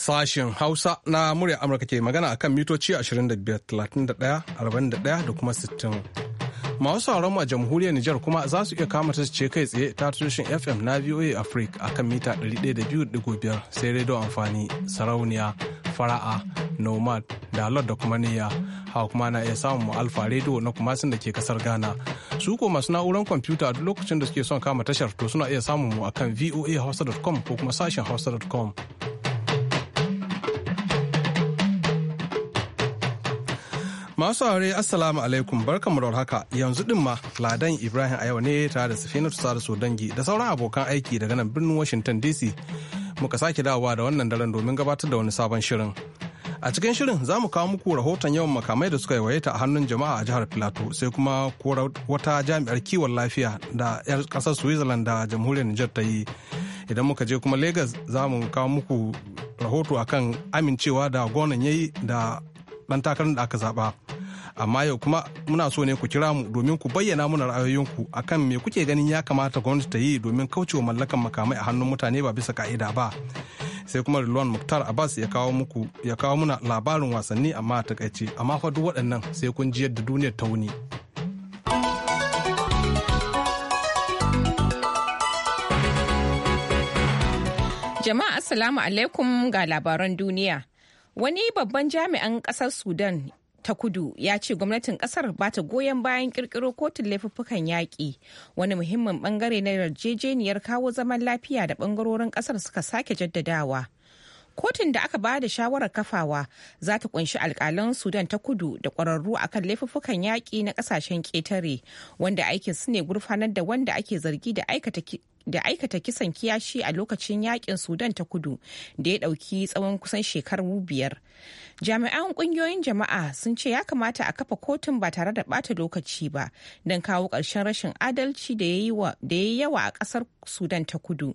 Sashen Hausa na murya Amurka ke magana a kan mitoci 25,31,41 da kuma 60. Masu sauran a jamhuriyar Nijar kuma za su iya kama ta ce kai tsaye ta tushen FM na VOA Africa a kan mita 102.5 sai rediyo amfani sarauniya fara'a nomad lord da kuma niyya hawa kuma na iya samun alfa rediyo na sun da ke kasar ghana su ko masu na'urar kwamfuta duk lokacin da suke son kama tashar to suna iya samun mu akan hausa.com ko kuma sashen hausa.com Masu aure Assalamu alaikum bar kamar haka yanzu din ma Ladan Ibrahim a yau ne tare da Safinatu Salisu Dangi da sauran abokan aiki daga nan birnin Washington DC muka sake dawowa da wannan daren domin gabatar da wani sabon shirin. A cikin shirin za mu kawo muku rahoton yawan makamai da suka yawaita a hannun jama'a a jihar Filato sai kuma kora wata jami'ar kiwon lafiya da 'yar kasar Switzerland da jamhuriyar Nijar ta yi. Idan muka je kuma lagos za mu kawo muku rahoto akan amincewa da gonan yayi da ɗan takarar da aka zaba. amma yau kuma muna so ne ku kira mu domin ku bayyana muna ra'ayoyinku akan me kuke ganin ya kamata gwamnati ta yi domin kaucewa mallakan makamai a hannun mutane ba bisa ka'ida ba sai kuma Rilwan Muktar Abbas ya kawo muku ya kawo muna labarin wasanni amma a takaice amma fa duk waɗannan sai kun ji yadda duniyar ta wuni. Jama'a Assalamu alaikum ga labaran duniya. Wani babban jami'an ƙasar Sudan ta kudu ya ce gwamnatin kasar ba ta goyon bayan kirkiro kotun laifuffukan yaƙi wani muhimmin bangare na yarjejeniyar kawo zaman lafiya da bangarorin kasar suka sake jaddadawa kotun da aka ba da shawarar kafawa za ta kunshi alkalan sudan ta kudu da kwararru akan laifuffukan yaƙi na ƙasashen ƙetare wanda aikin su ne gurfanar da wanda ake zargi da aikata da aikata kisan kiyashi a lokacin yakin sudan ta kudu da ya dauki tsawon kusan shekaru biyar jami'an kungiyoyin jama'a sun ce ya kamata a kafa kotun ba tare da bata lokaci ba don kawo ƙarshen rashin adalci da ya yi yawa a ƙasar sudan ta kudu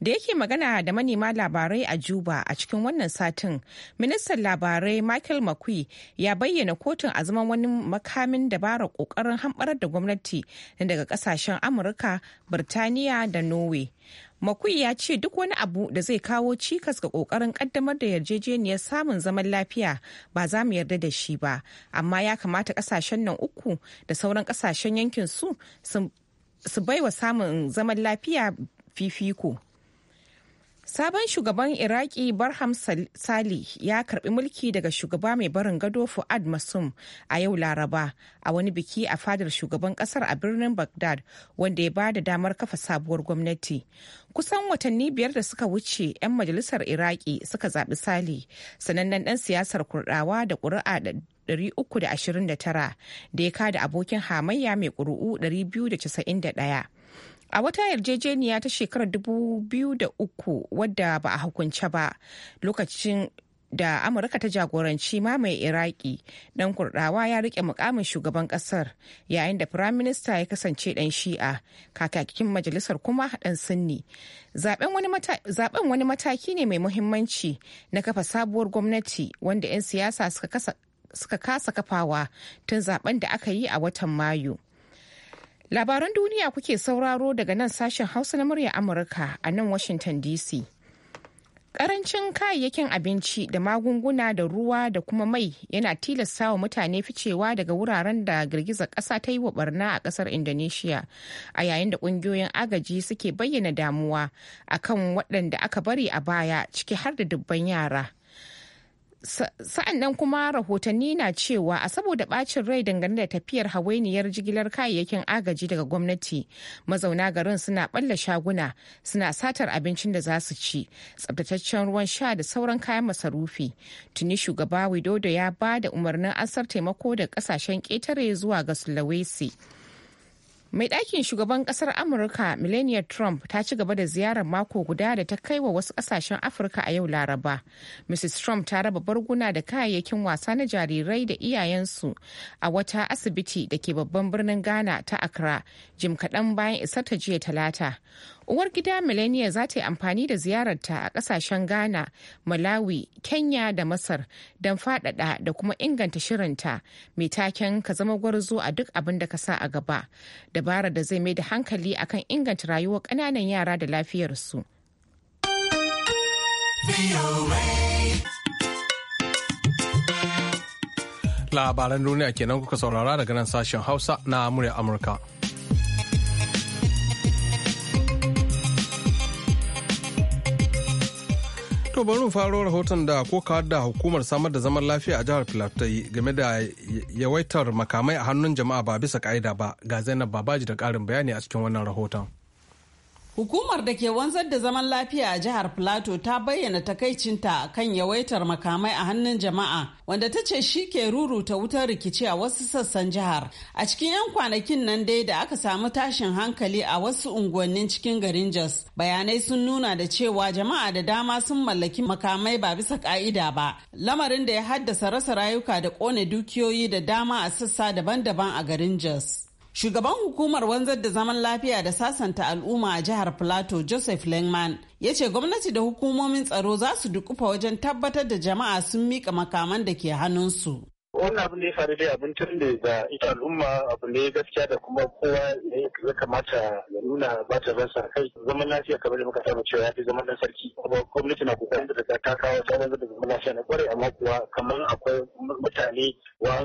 da yake magana da manema labarai a juba a cikin wannan satin ministan labarai michael mcqueen ya bayyana kotun a zaman wani makamin dabara kokarin hambar da gwamnati daga kasashen amurka birtaniya da norway makui ya ce duk wani abu da zai kawo cikas ga kokarin kaddamar da yarjejeniyar samun zaman lafiya ba za mu yarda da shi ba amma ya kamata kasashen nan uku da sauran kasashen yankin su su baiwa samun zaman lafiya fifiko Sabon shugaban Iraki Barham Sali ya karbi mulki daga shugaba mai barin gado Fuad Masum a yau Laraba a wani biki a fadar shugaban kasar a birnin Baghdad wanda ya bada damar kafa sabuwar gwamnati. Kusan watanni biyar da suka wuce 'yan majalisar Iraki suka zaɓi Sali sanannen ɗan siyasar kurɗawa da ƙuri'a 329 da ya kada abokin hamayya mai ƙuri'u 291. a wata yarjejeniya ta shekarar 2003 wadda ba a hukunce ba lokacin da amurka ta jagoranci mamaye iraki dan kurdawa ya rike mukamin shugaban kasar yayin da firaminista ya kasance dan shi'a kakakin majalisar kuma dan sunni zaben wani mataki ne mai muhimmanci na kafa sabuwar gwamnati wanda 'yan siyasa suka kasa kafawa tun zaben da aka yi a watan mayu Labaran duniya kuke sauraro daga nan sashen Hausa na murya Amurka a nan Washington DC. Karancin kayayyakin abinci da magunguna da ruwa da kuma mai yana tilasta wa mutane ficewa daga wuraren da girgizar ƙasa ta yi wa barna a ƙasar Indonesia a yayin da ƙungiyoyin agaji suke bayyana damuwa akan waɗanda aka bari a baya ciki har da dubban yara. sa'an nan kuma rahotanni na cewa a saboda bacin rai dangane da tafiyar hawainiyar jigilar kayayyakin agaji daga gwamnati mazauna garin suna balla shaguna suna satar abincin da za su ci tsabtataccen ruwan sha da sauran kayan masarufi tuni shugaba widodo ya ba da umarnin asar taimako da kasashen ƙetare zuwa ga sulawesi mai ɗakin shugaban ƙasar amurka melania trump ta ci gaba da ziyarar mako guda da ta kai wa wasu ƙasashen afirka a yau laraba mrs trump ta raba barguna da kayayyakin wasa na jarirai da iyayensu a wata asibiti da ke babban birnin ghana ta accra jim kaɗan bayan isar ta jiya talata Uwar gida Melania za ta yi amfani da ziyararta a kasashen Ghana, Malawi, Kenya da Masar don faɗaɗa da kuma inganta shirinta mai taken ka zama gwarzo a duk abin da ka sa a gaba. Dabara da zai mai da hankali akan inganta rayuwar ƙananan yara da lafiyarsu. Labaran duniya kenan kuka saurara daga nan sashen Hausa na murya Amurka. To bari mu faro rahoton da ko kawar da hukumar samar da zaman lafiya a jihar Filatai game da yawaitar makamai a hannun jama'a ba bisa ka'ida ba ga Zainab Babaji da ƙarin bayani a cikin wannan rahoton. Hukumar da ke wanzar da zaman lafiya a jihar Plateau ta bayyana takaicinta kan yawaitar makamai a hannun jama'a wanda ta ce shi ke ruruta wutar rikici a wasu sassan jihar. A cikin 'yan kwanakin nan dai da aka samu tashin hankali a wasu unguwannin cikin garin Jos, bayanai sun nuna da cewa jama'a da dama sun mallaki makamai ba bisa ka'ida ba, lamarin da ya haddasa rasa rayuka da kone dukiyoyi da dama a sassa daban-daban a garin Jos. Shugaban hukumar wanzar da zaman lafiya da sasanta al'umma a jihar Plateau Joseph Lengman ya ce gwamnati da hukumomin tsaro za su dukufa wajen tabbatar da jama'a sun mika makaman da ke hannunsu. wannan abin da ya faru dai abin tun da ga ita al'umma abu ne gaskiya da kuma kowa ya kamata ya nuna ba ta ransa kai zaman lafiya kamar da muka saba cewa ya fi zaman na sarki kuma gwamnati na kokarin da ta kawo sabon da zaman lafiya na kwarai amma kuwa kamar akwai mutane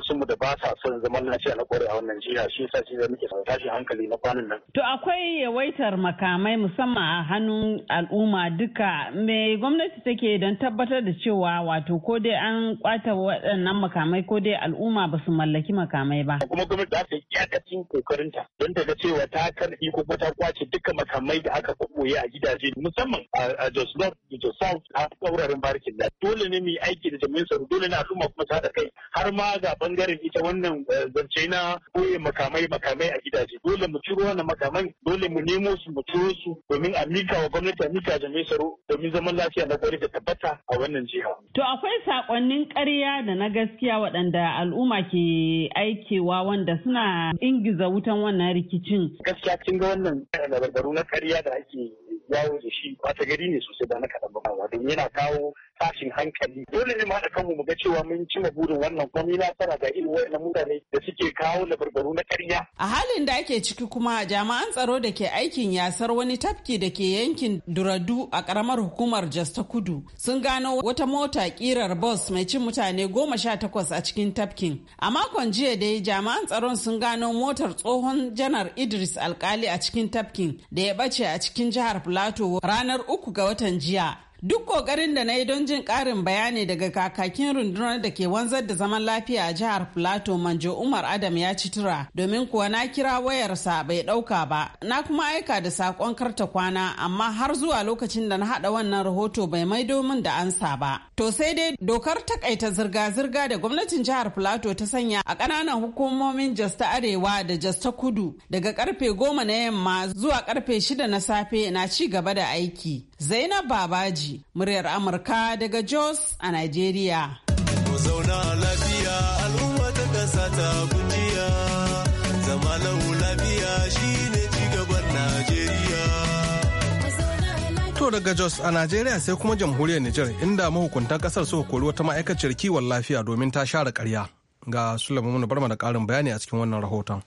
su mu da ba sa son zaman lafiya na kwarai a wannan jiha shi yasa shi da muke tashin hankali na kwanan nan. To akwai yawaitar makamai musamman a hannun al'umma duka me gwamnati take don tabbatar da cewa wato ko dai an kwata waɗannan makamai ko dai al'umma ba su mallaki makamai ba. Kuma gwamnati za ta yi iyakacin kokarinta don ta ga cewa ta karbi ko ta kwace duka makamai da aka koya a gidaje musamman a Jos North da Jos South a wuraren barikin da dole ne mu yi aiki da jami'in tsaro dole ne al'umma kuma ta da kai har ma ga bangaren ita wannan eh, zance na koye makamai makamai a gidaje dole mu ciro wannan makamai dole mu nemo su mu ciro su domin a mika wa gwamnati a mika jami'in tsaro domin zaman lafiya na kwari da tabbata a wannan jiha. To akwai sakonnin ƙarya da na gaskiya waɗanda waɗanda al'umma ke aikewa wanda suna ingiza wutan wannan rikicin. Gaskiya cin ga wannan labarbaru na karya da ake yawo da shi wata gari ne sosai da na kaɗan ba yana kawo tashin hankali dole ne ma da kanmu mu ga cewa mun ci ma burin wannan komai na ga irin wayannan mutane da suke kawo labarbaru na ƙarya a halin da ake ciki kuma jami'an tsaro da ke aikin yasar wani tafki da ke yankin duradu a karamar hukumar jos ta kudu sun gano wata mota ƙirar bus mai cin mutane goma sha takwas a cikin tafkin a makon jiya da dai jami'an tsaron sun gano motar tsohon janar idris alkali a cikin tafkin da ya bace a cikin jihar plateau ranar uku ga watan jiya Duk ƙoƙarin da na yi don jin ƙarin bayani daga kakakin rundunar da ke wanzar da zaman lafiya a jihar Plateau Manjo Umar Adam ya ci tura domin kuwa na kira wayarsa bai ɗauka ba. Na kuma aika da saƙon karta kwana amma har zuwa lokacin da na haɗa wannan rahoto bai maido min da ansa ba. To sai dai dokar takaita zirga-zirga da gwamnatin jihar Plateau ta sanya a ƙananan hukumomin Jasta Arewa da Jasta Kudu daga karfe goma na yamma zuwa karfe shida na safe na ci gaba da aiki. Zainab Babaji, muryar Amurka daga Jos a Najeriya. Ku zauna al'umma kasa ta zama Najeriya. To daga Jos a Najeriya sai kuma jamhuriyar Nijar inda mahukuntan kasar suka kori wata ma'aikaciyar kiwon lafiya domin ta share karya. Ga Sulaiman Barma da ƙarin bayani a cikin wannan rahoton.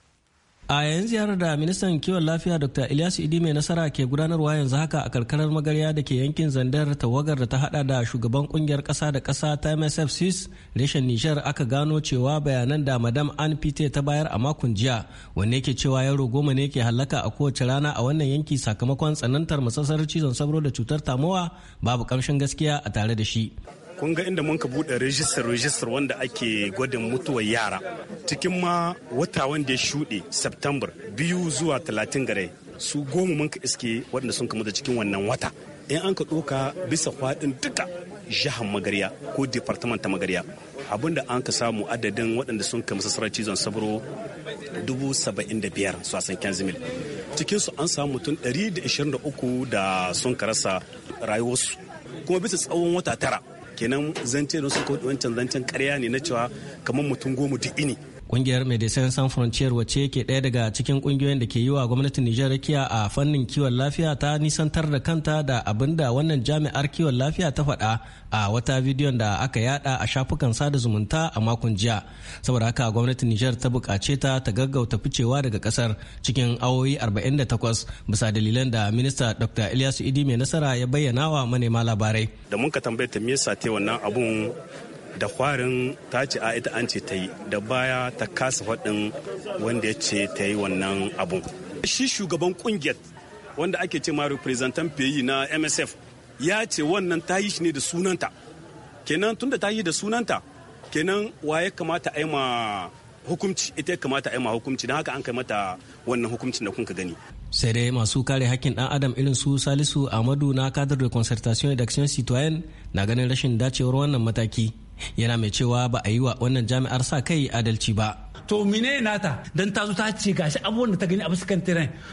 a yayin ziyarar da ministan kiwon lafiya dr ilyasu idi mai nasara ke gudanarwa yanzu haka a karkarar magarya da ke yankin zandar tawagar da ta hada da shugaban kungiyar kasa da kasa ta msf sis reshen nijar aka gano cewa bayanan da madam an pite ta bayar a makon jiya wanne yake cewa yaro goma ne ke hallaka a kowace rana a wannan yanki sakamakon tsanantar masasar cizon sauro da cutar tamowa babu kamshin gaskiya a tare da shi kun ga inda mun ka buɗe rijistar rijistar wanda ake gwada mutuwar yara cikin ma wata wanda ya shuɗe september biyu zuwa talatin gare su goma mun ka iske waɗanda sun kamu da cikin wannan wata in an ka ɗoka bisa faɗin duka jihar magarya ko departament ta magarya abinda an ka samu adadin waɗanda sun kamu sassarar cizon sabro dubu saba'in da biyar su san cikin cikinsu an samu mutum ɗari da ishirin da uku da sun rasa rayuwarsu kuma bisa tsawon wata tara kenan zance da suka wancan zancen karya ne na cewa kamar mutum goma duk ini Kungiyar Medecins Sans Frontier wace ke ɗaya daga cikin kungiyoyin da ke yi wa gwamnatin Nijar rakiya a fannin kiwon lafiya ta nisantar da kanta da abin da wannan jami'ar kiwon lafiya ta faɗa a wata bidiyon da aka yada a shafukan sada zumunta a makon jiya. Saboda haka gwamnatin Nijar ta buƙace ta ta gaggauta ficewa daga ƙasar cikin awowi 48 bisa dalilan da minista Dr. Ilyasu Idi mai nasara ya bayyana wa manema labarai. Da mun ka tambaye ta me yasa te wannan abun da kwarin ta ce a ita an ce ta yi da baya ta kasa faɗin wanda ya ce ta yi wannan abun shi shugaban kungiyar wanda ake ce ma representant peyi na msf ya ce wannan ta yi shi ne da sunanta kenan tunda ta yi da sunanta kenan wa ya kamata a yi ma hukunci ita ya kamata a yi ma hukunci don haka an kai mata wannan hukuncin da kunka gani sai dai masu kare hakkin dan adam irin su salisu amadu na kadar da concertation et d'action citoyenne na ganin rashin dacewar wannan mataki yana mai cewa ba a yi wa wannan jami'ar sa kai adalci ba to mine nata dan ta zo ta ce gashi abubuwan da ta gani a bisa kan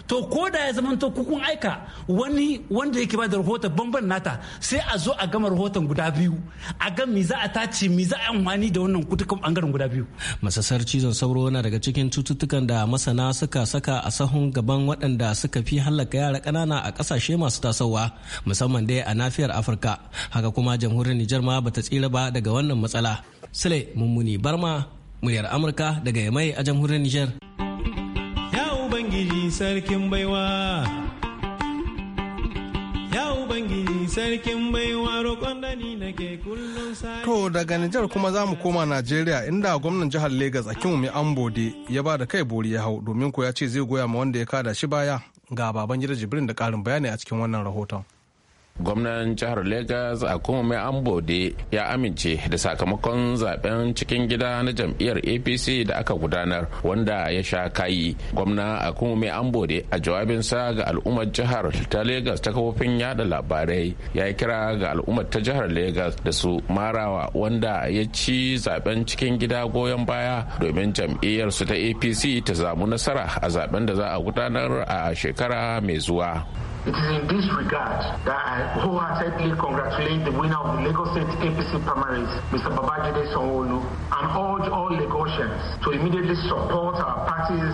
to ko da ya zama to kukun aika wani wanda yake ba da rahoton bamban nata sai a zo a gama rahoton guda biyu a ga mi za a tace mi za a amfani da wannan kutukan bangaren guda biyu masasar cizon sauro na daga cikin cututtukan da masana suka saka a sahun gaban waɗanda suka fi hallaka yara ƙanana a ƙasashe masu tasowa musamman dai a nafiyar afirka haka kuma jamhuriyar nijar ma bata tsira ba daga wannan matsala sule mummuni barma muryar amurka daga yamai a jamhuriyar nijar ya ubangiji sarkin baiwa ya ubangiji sarkin baiwa roƙon nake kullum to daga nijar kuma za mu koma najeriya inda gwamnan jihar legas lagos akinwumi ambode ya ba da kai bori ya hau domin ko ya ce zai goya ma wanda ya kada shi baya ga baban gida jibrin da karin bayani a cikin wannan rahoton gwamnan jihar lagos a kuma mai ambode ya amince da sakamakon zaben cikin gida na jam'iyyar apc da aka gudanar wanda ya sha kayi gwamna a kuma mai ambode a jawabinsa ga al'ummar jihar ta lagos ta kafofin yada labarai ya yi kira ga al'ummar ta jihar lagos da su marawa wanda ya ci zaben cikin gida goyon baya domin jam'iyyar su ta apc ta zamu nasara a zaben da za a gudanar a shekara mai zuwa It is in this regard that I wholeheartedly congratulate the winner of the Lagos State APC primaries, Mr. Babajide Sonwolu, and urge all Lagosians to immediately support our party's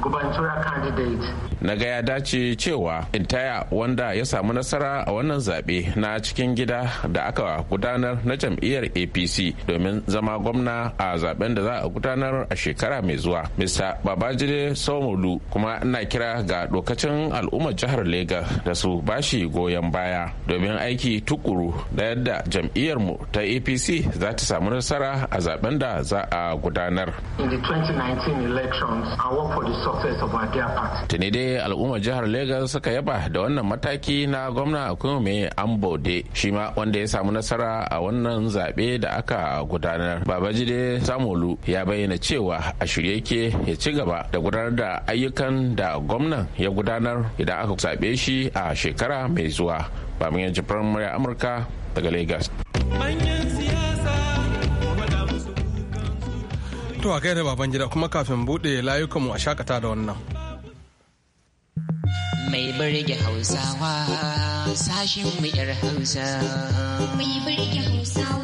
gubernatorial candidate. naga ya dace cewa Intaya wanda ya samu nasara a wannan zaɓe na cikin gida da aka gudanar na jam'iyyar APC domin zama gwamna a zaben da za a gudanar a shekara mai zuwa. Mr. Babajide Sonwolu kuma ina kira ga dokacin al'ummar jihar Lagos da su bashi goyon baya domin aiki tukuru da yadda mu. ta apc za ta samu nasara a zaben da za a gudanar tuni dai al'ummar jihar lagos suka yaba da wannan mataki na gwamna akume ambode shi ma wanda ya samu nasara a wannan zaɓe da aka gudanar babajide samolu ya bayyana cewa a shirye ke ya ci gaba da gudanar da ayyukan da gwamnan ya gudanar idan aka zaɓe shi shi a shekara mai zuwa babin yanci firamare amurka daga lagos to a gaida baban gida kuma kafin buɗe layukanmu a shakata da wannan mai birge hausawa sashin mu yar hausa mai birge hausawa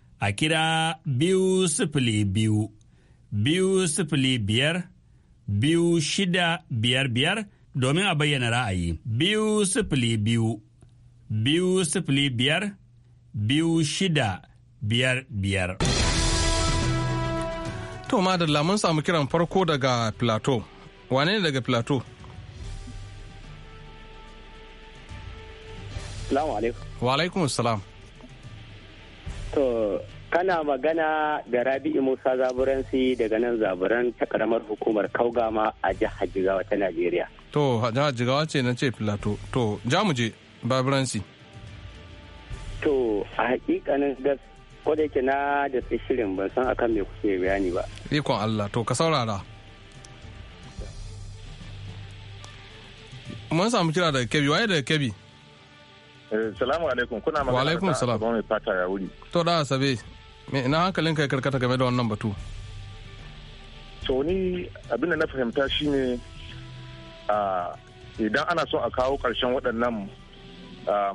a kira biyu sifili biyu biyu sifili biyar biyu shida biyar biyar domin a bayyana ra'ayi biyu sifili biyu biyu sifili biyar biyu shida biyar biyar. To madalla mun samu kiran farko daga Plateau. Wane ne daga Plateau? Salamu alaikum. Wa alaikum salam. To, kana magana da Rabi'u Musa Zaburansi daga nan Zaburan ta karamar hukumar Kaugama a jihar Jigawa ta Najeriya. To, jihar Jigawa ce na ce Filato. To, ja mu je, Baburansi. To, a hakikanin gas ko da yake na da shirin ban san akan me kuke bayani ba. Ikon Allah, to ka saurara. Mun samu kira daga Kebbi, waye daga Kebbi? Eh, salamu alaikum kuna magana. Wa alaikum salam. Ba mai fata ya wuri. To da asabe. Me ina hankalin kai karkata game da wannan batu? To ni abinda na fahimta shine a idan ana so a kawo ƙarshen waɗannan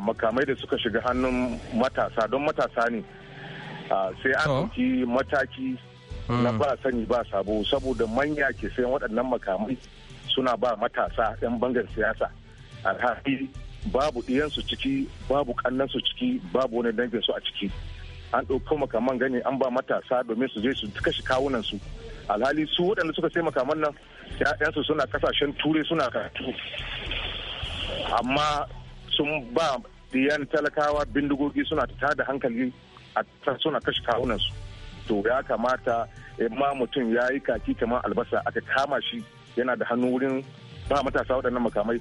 makamai da suka shiga hannun matasa don matasa ne sai an ɗauki mataki hmm. na ba sani ba sabo saboda manya ke sayan waɗannan makamai suna ba matasa 'yan bangar siyasa alhali babu ɗiyansu ciki babu kannansu ciki babu wani dangin su a ciki an ɗauko makaman gani an ba matasa domin su je su kashe kawunan su alhali su waɗanda suka sai makaman nan ‘ya'yansu suna kasashen turai suna karatu amma sun ba diyan talakawa bindigogi suna ta da hankali a suna kashe kawunansu to ya kamata ma mutum ya yi kaki kamar albasa aka kama shi yana da hannu wurin ba matasa waɗannan makamai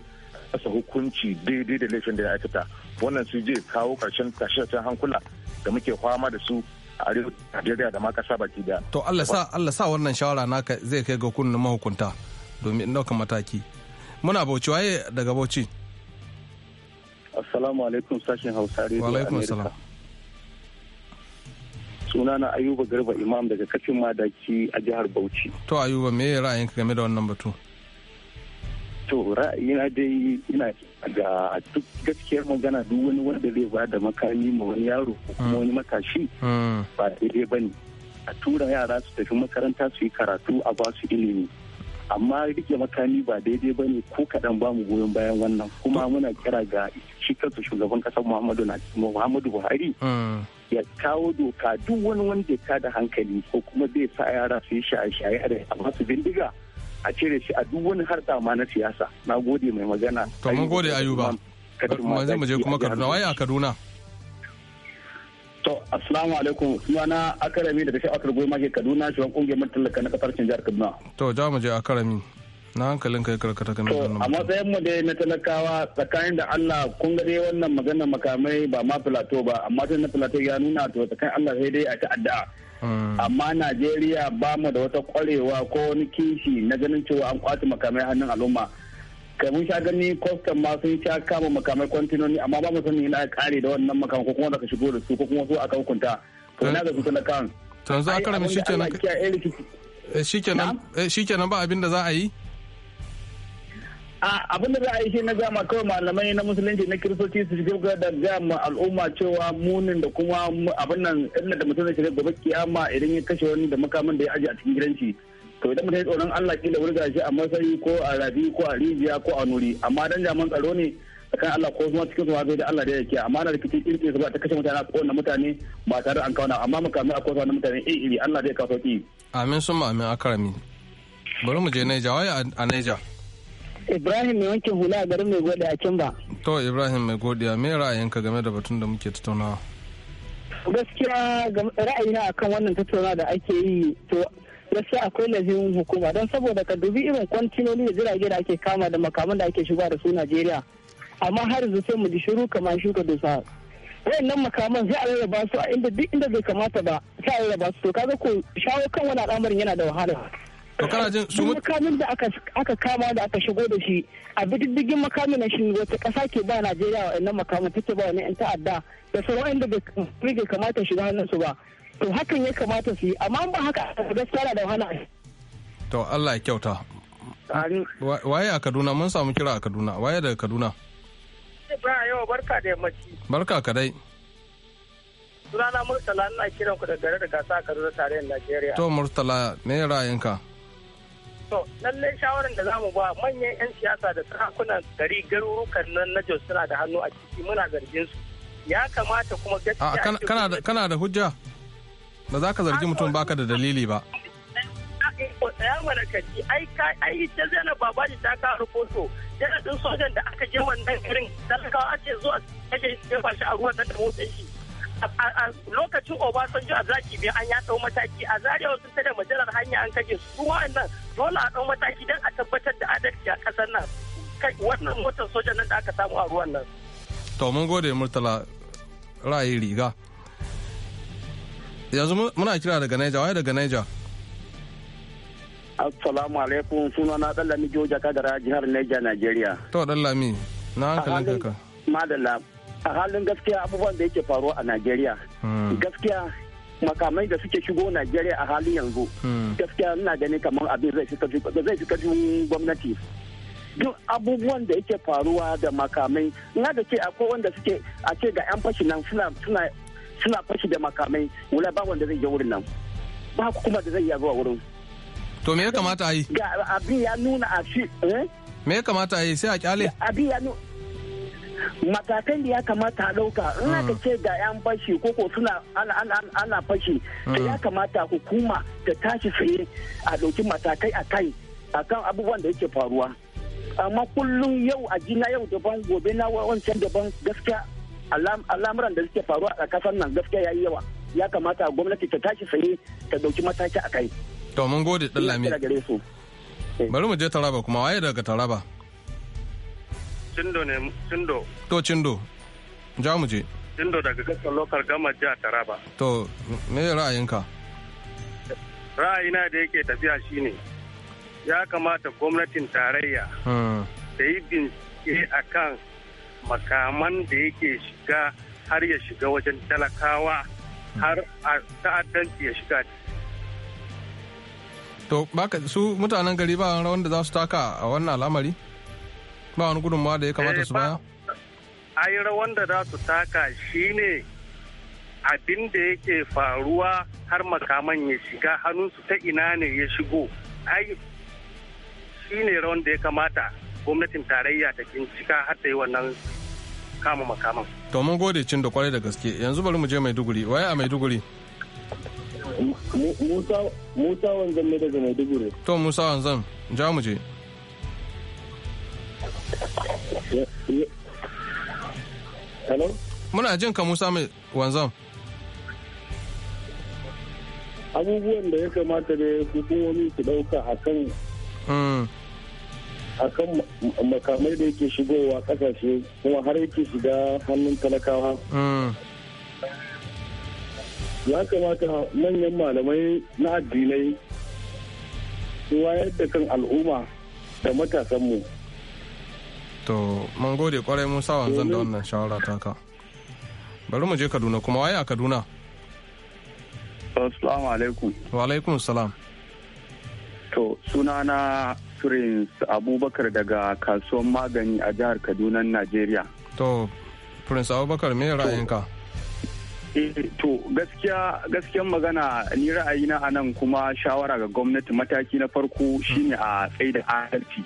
kasa hukunci daidai da laifin da ya aikata wannan su je kawo karshen tashe hankula da muke fama da su a arewacin najeriya da ma kasa baki da to allah sa allah sa wannan shawara naka zai kai ga kunnin mahukunta domin ɗaukan mataki muna bauchi waye daga bauchi assalamu alaikum sashen hausa wa alaikum assalam suna na ayuba garba imam daga kafin madaki a jihar bauchi to ayuba me ra'ayinka game da wannan batu to ra'ayina dai ina ga duk gaskiyar magana duk wani wanda zai ba da makami ma wani yaro ko kuma hmm. wani matashi hmm. ba daidai ba ne a tura yara su tafi makaranta su yi karatu a ba su ilimi amma rike makami ba daidai ba ne ko kaɗan ba mu goyon bayan wannan kuma muna kira ga shi kansa shugaban ƙasar muhammadu muhammadu buhari hmm. ya kawo doka duk wani wanda ya da hankali ko kuma zai sa yara su yi shaye-shaye a basu bindiga a cire shi a duk wani harka ma na siyasa na gode mai magana to mun gode ayuba zai mu je kuma kaduna wai a kaduna to assalamu alaikum sunana akarami daga shi akar goma ke kaduna shi kungiyar matalaka na kasar jihar kaduna to ja mu je akarami na hankalin kai karkata kan nan a matsayin mu dai na talakawa tsakanin da Allah kun ga dai wannan maganar makamai ba ma filato ba amma tun na filato ya nuna to tsakanin Allah sai dai a ta addu'a Mm. amma najeriya ba mu da wata kwarewa ko wani kishi na ganin cewa an kwace makamai hannun al'umma kai mun sha gani kwastam ma sun sha kama makamai kwantinoni amma ba mu sani ina kare da wannan makamai ko kuma daga shigo da su ko kuma su aka hukunta to na ga su kan to yanzu aka rami shikenan eh, eh, kenan eh, ba abin da za a yi abin da za a yi shi na gama kawai malamai na musulunci na kiristoci su shiga da gama al'umma cewa munin da kuma abin nan inda da mutum zai shiga gobe kiyama idan ya kashe wani da makamin da ya aji a cikin gidanci to idan mutum ya tsoron Allah kila wurga shi a masayi ko a rabi ko a rijiya ko a nuri amma dan jaman tsaro ne tsakanin Allah ko kuma cikin zai da Allah da yake amma na rikici irin su ba ta kashe mutane a na mutane ba tare an kauna amma mukami a kofa na mutane iri iri Allah zai kawo sauki amin ma amin akarami bari mu je Niger wai a Niger Ibrahim mai wankin hula a garin mai gode a can ba. To Ibrahim mai godiya me ra'ayinka game da batun da muke tattaunawa? Gaskiya ra'ayina akan wannan tattaunawa da ake yi to gaskiya akwai lazimin hukuma don saboda ka dubi irin kwantinoni da jirage da ake kama da makaman da ake shiga da su Najeriya. Amma har yanzu sai mu ji shiru kamar shuka dusa. wayannan makaman sai a rarraba su a inda duk inda bai kamata ba sai a rarraba su to kaga ko shawo kan wani al'amarin yana da wahala. to kana jin su makamin da aka kama da aka shigo da shi a bididdigin makamin na shi wata kasa ke ba Najeriya wa'annan makamin take ba wani yan ta'adda da sauran wanda bai kamata shiga hannun su ba to hakan ya kamata su yi amma ba haka gaskara da wahala to Allah ya kyauta waye a Kaduna mun samu kira a Kaduna waye daga Kaduna barka da yammaci barka ka dai sunana Murtala ina kiran ku da gare da gasa a Kaduna tarayyar Najeriya to Murtala me ra'ayinka To, lallai shawarar da zamu ba manyan 'yan siyasa da sarakunan gari garurukan nan na Jos suna da hannu a ciki muna zargin su. Ya kamata kuma gaskiya... Kana, kana da hujja? Ba za ka zargi mutum baka da dalili ba. ya mana kaji ai ai ita zainab babaji ta kawo rahoto jaradin sojan da aka je wannan irin talakawa ake ce zuwa kashe ya fashi a ruwan nan da motsin shi lokacin Obasanjo a zaki biyu an ya ɗau mataki a zarewa sun da majalar hanya an kaje su wa'annan dole a ɗau mataki don a tabbatar da adalci a ƙasar nan wannan motar sojan nan da aka samu a ruwan nan. To mun gode Murtala ra'ayi riga. Yanzu muna kira daga Naija, waye daga Naija? Assalamu alaikum suna na Dallami Joja Kadara jihar Naija, nigeria To Dallami, na hankalin kaka Madalla, a halin gaskiya abubuwan da yake faruwa a najeriya hmm. gaskiya makamai da suke shigo najeriya a halin yanzu hmm. gaskiya ina gani kamar abin zai fi karfin gwamnati duk abubuwan da yake faruwa da makamai na da ce akwai wanda suke a ce ga yan fashi nan suna fashi da makamai wula ba wanda zai je wurin nan ba kuma da zai iya zuwa wurin to me ya kamata a yi ga abin ya nuna a shi eh? me ya kamata a yi sai a kyale abin ya nuna matakan da ya kamata a ɗauka in aka mm. ce ga yan bashi ko ko suna ana fashi to ya mm. kamata hukuma ta tashi tsaye a ɗauki matakai a kai akan abubuwan da yake faruwa amma kullum yau a jina yau daban gobe na wancan daban gaskiya al'amuran da suke faruwa a kasar nan gaskiya yayi yawa ya kamata gwamnati ta tashi tsaye ta ɗauki mataki a kai. to mun gode ɗan lami eh. bari mu je taraba kuma waye daga taraba. Cindo ne Cindo. To Cindo. Ja mu je. Cindo daga kasar lokal gama jiha Taraba. To me ra'ayinka? Ra'ayina da yake tafiya shine ya kamata gwamnatin tarayya da hmm. yi bincike a kan makaman da yake shiga har ya shiga wajen talakawa har a ta'addanci ya shiga To baka su mutanen gari ba rawan da za su taka a wannan al'amari? ba wani gudunmawa da ya kamata eh, su baya ai rawan da za su taka shine abin da yake faruwa har makaman ya shiga hannunsu ta ina ne ya shigo ai shine rawan da ya kamata gwamnatin tarayya ta cika har ta yi wannan kama makaman to mun gode cin da kwarai da gaske yanzu bari mu je maiduguri waye a maiduguri musa wanzan ne daga maiduguri to musa wanzan ja mu je Muna jin ka Musa mai wanzan. Abubuwan da ya kamata da hukumomi su ɗauka a kan hmm. a makamai da yake shigowa ƙasashe kuma har yake shiga hannun talakawa. Hmm. Ya kamata manyan malamai na addinai su wayar da kan al'umma da matasanmu. to mun gode kwarai musa wanzan da wannan shawara taka bari mu je kaduna kuma waye a kaduna assalamu alaikum wa alaikum salam to sunana prince abubakar daga kasuwan magani a jihar kaduna najeriya to prince abubakar me ra'ayinka to eh, gaskiya gaskiyan magana ni ra'ayina a nan kuma shawara ga gwamnati mataki na farko shine a tsaida adalci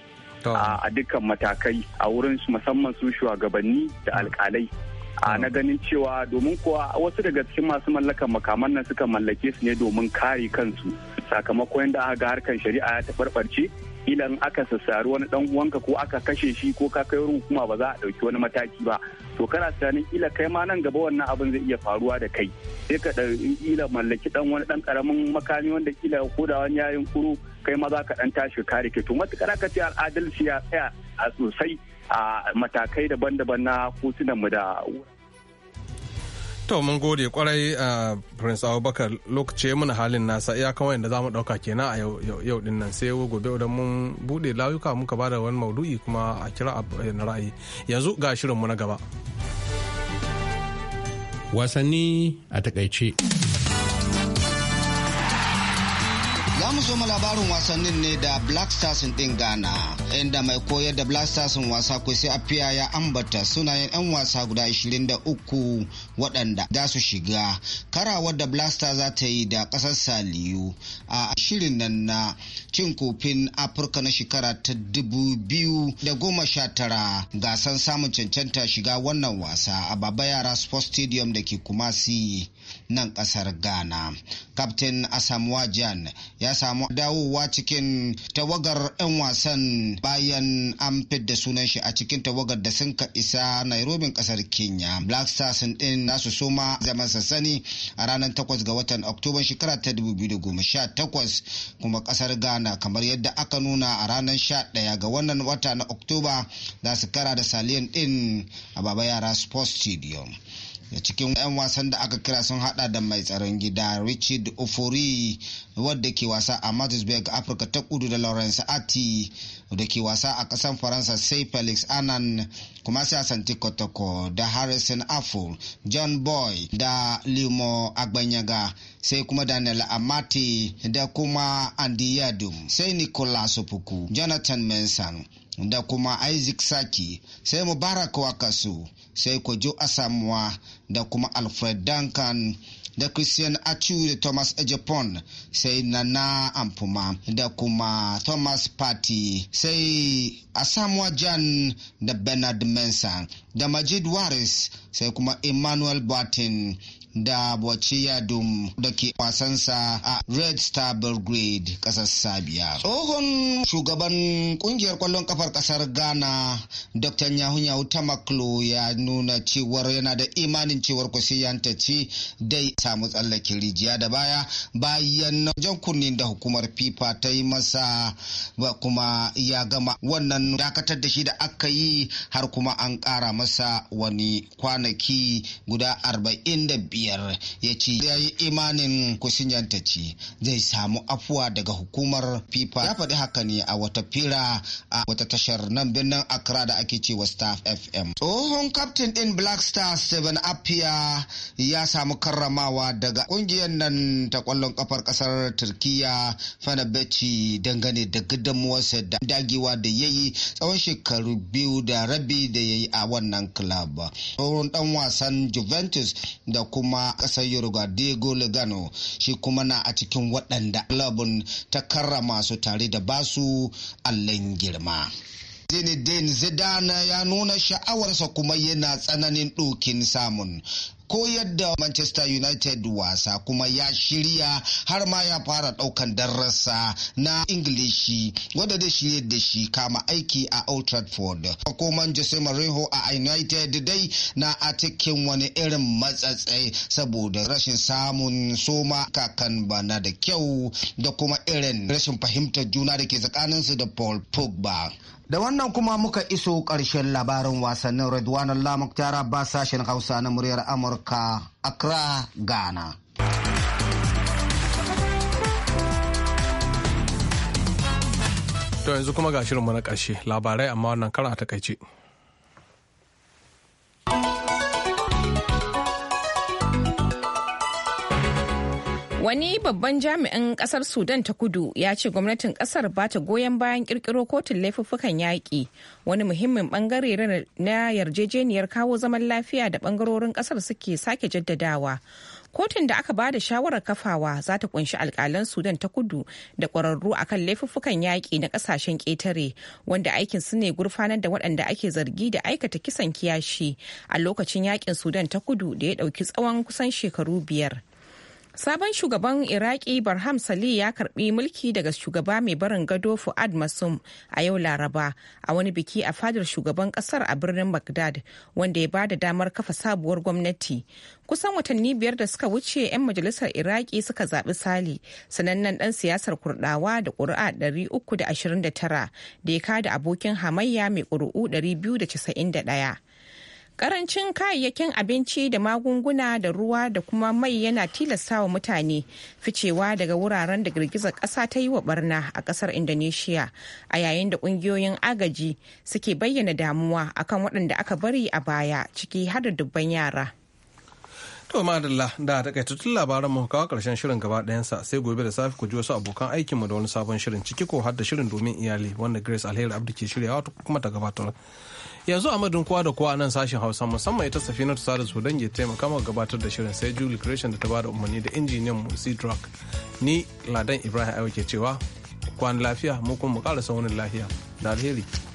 a dukkan matakai a wurin musamman su shugabanni da alkalai a na ganin cewa domin kuwa wasu daga cikin masu mallakan makaman nan suka mallake su ne domin kare kansu sakamakon da aka ga harkar shari'a ya taɓarɓarce kila in aka sassari wani dan uwanka ko aka kashe shi ko ka kai wurin hukuma ba za a ɗauki wani mataki ba to kana tunanin kila kai ma nan gaba wannan abin zai iya faruwa da kai sai ka da kila mallaki dan wani dan karamin makami wanda kila koda wani yayin kuru kai ma za ka dan tashi kare kai to matukar ka ce al'adalci ya tsaya a sosai a matakai daban-daban na kotunan mu da To mun gode kwarai a uh, Prince Abubakar lokaci muna halin nasa iyakan da za mu ɗauka kenan a yau din nan sai gobe idan mun buɗe layuka muka bada wani maudu'i kuma a kira a na ra'ayi. Yanzu ga mu na gaba. Wasanni a takaice. mu zo labarin wasannin ne da Black Stars ɗin Ghana, inda mai koyar da Black Stars wasa sai afiya ya ambata sunayen 'yan wasa guda 23 waɗanda za su shiga karawar da Black Stars za ta yi da ƙasar Saliyu a shirin nan na cin kofin Afirka na shekara ta 2019 gasan samun cancanta shiga wannan wasa a Baba Yara Sports Stadium da ke Kumasi. nan ƙasar Ghana. Kaftin Asamuwajan ya samu dawowa cikin tawagar 'yan wasan bayan an fidda sunan shi a cikin tawagar da sun ka isa Nairobi kasar Kenya. Black Stars ɗin nasu soma zaman sassani a ranar 8 ga watan Oktoba shekara ta 2018 kuma ƙasar Ghana kamar yadda aka nuna a ranar 11 ga wannan wata na Oktoba za su kara da saliyan ɗin a Baba Yara Sports Stadium. da cikin 'yan wasan da aka kira sun hada da mai tsaron gida richard ofori wadda ke wasa a mattisburg afirka ta kudu da lawrence ati da ke wasa a kasan faransa sai felix anan kuma sai asanti kotoko da harrison afur john boy da limo agbanyaga sai kuma daniel amati da kuma andy yadum sai nicolas opuku jonathan mensan da kuma isaac saki sai mubarak wakasu sai kojo asamuwa da kuma alfred duncan da christian achu da thomas ejepon sai nana amfuma da kuma thomas party sai asamuwa jan da bernard mensa da majid waris sai kuma emmanuel barton da Boccia Dum da ke wasansa a Red Star Belgrade kasar Sabiya. Tsohon shugaban kungiyar kwallon kafar kasar Ghana Dr. Nyahu Tamaklo ya nuna cewar yana da imanin cewar kwasiyanta ce dai samu tsallake rijiya da baya bayan jan kunnin da hukumar FIFA ta yi masa ba kuma ya gama wannan dakatar da shi da aka yi har kuma an kara masa wani kwanaki guda arba'in da biyu. jam'iyyar ya ce ya yi imanin kusinyanta ce zai samu afuwa daga hukumar fifa ya faɗi haka ne a wata fira a wata tashar nan birnin accra da ake cewa staff fm tsohon kaftin din black star seven apia ya samu karramawa daga kungiyar nan ta kwallon kafar kasar turkiya fanabeci dangane da gudunmuwarsa da dagewa da ya yi tsawon shekaru biyu da rabi da ya yi a wannan club tsohon dan wasan juventus da kuma kuma kasar Yoruba Diego legano shi kuma na a cikin waɗanda labun ta karrama su tare da basu allon girma. Zinedine Zidane ya nuna sha'awarsa kuma yana tsananin ɗokin samun koyar da Manchester United wasa kuma ya shirya har ma ya fara ɗaukan darasa na Ingilishi wadda da shi da shi kama aiki a Old Trafford. Koman Jose Mourinho a United dai na a cikin wani irin matsatsai saboda rashin samun soma kakan bana da kyau da kuma irin rashin fahimtar juna da ke tsakaninsu da Paul Pogba. Da wannan kuma muka iso ƙarshen labarin wasannin Redwan Allah Mukhtar Abbas sashen Hausa na muryar Amurka. Amurka, Accra, Ghana. To yanzu kuma ga shirinmu na ƙarshe labarai amma wannan kara a takaice. Wani babban jami'in kasar Sudan ta kudu ya ce gwamnatin kasar ba ta goyon bayan kirkiro kotun laifuffukan yaƙi wani muhimmin bangare na yarjejeniyar kawo zaman lafiya da bangarorin kasar suke sake jaddadawa. Kotun da aka bada shawarar kafawa za ta kunshi alkalan Sudan ta kudu da ƙwararru kan laifuffukan yaƙi na ƙasashen ƙetare wanda aikin su ne gurfanar da waɗanda ake zargi da aikata kisan kiyashi a lokacin yaƙin Sudan ta kudu da ya ɗauki tsawon kusan shekaru biyar. Sabon shugaban Iraki Barham sali ya karbi mulki daga shugaba mai barin gado Fuad Masum a yau Laraba a wani biki a fadar shugaban kasar a birnin Baghdad wanda ya ba da damar kafa sabuwar gwamnati. Kusan watanni biyar da suka wuce 'yan majalisar Iraki suka zaɓi Sali sanannen ɗan siyasar kurɗawa da ƙuri'a 329 da ya kada abokin hamayya mai ƙuri'u 291. Karancin kayayyakin abinci da magunguna da ruwa da kuma mai yana tilastawa mutane ficewa daga wuraren da girgizar kasa ta yi wa barna a ƙasar Indonesia a yayin da ƙungiyoyin agaji suke bayyana damuwa akan waɗanda aka bari a baya ciki har da dubban yara. To madalla da takaitattun labaran mu kawo karshen shirin gaba ɗayansa sai gobe da safe ku ji wasu abokan mu da wani sabon shirin ciki ko har da shirin domin iyali wanda Grace Alheri Abdi ke shiryawa kuma ta gabatar. yanzu amadun kowa da kowa nan sashen hausa musamman ita safina ta sada su dangi taimaka maka gabatar da shirin sai julie creation da ta bada umarni da injiniyan mu c-drug ni ladan ibrahim aiwa ke cewa kwan lafiya mu kuma mu karasa wani lafiya da alheri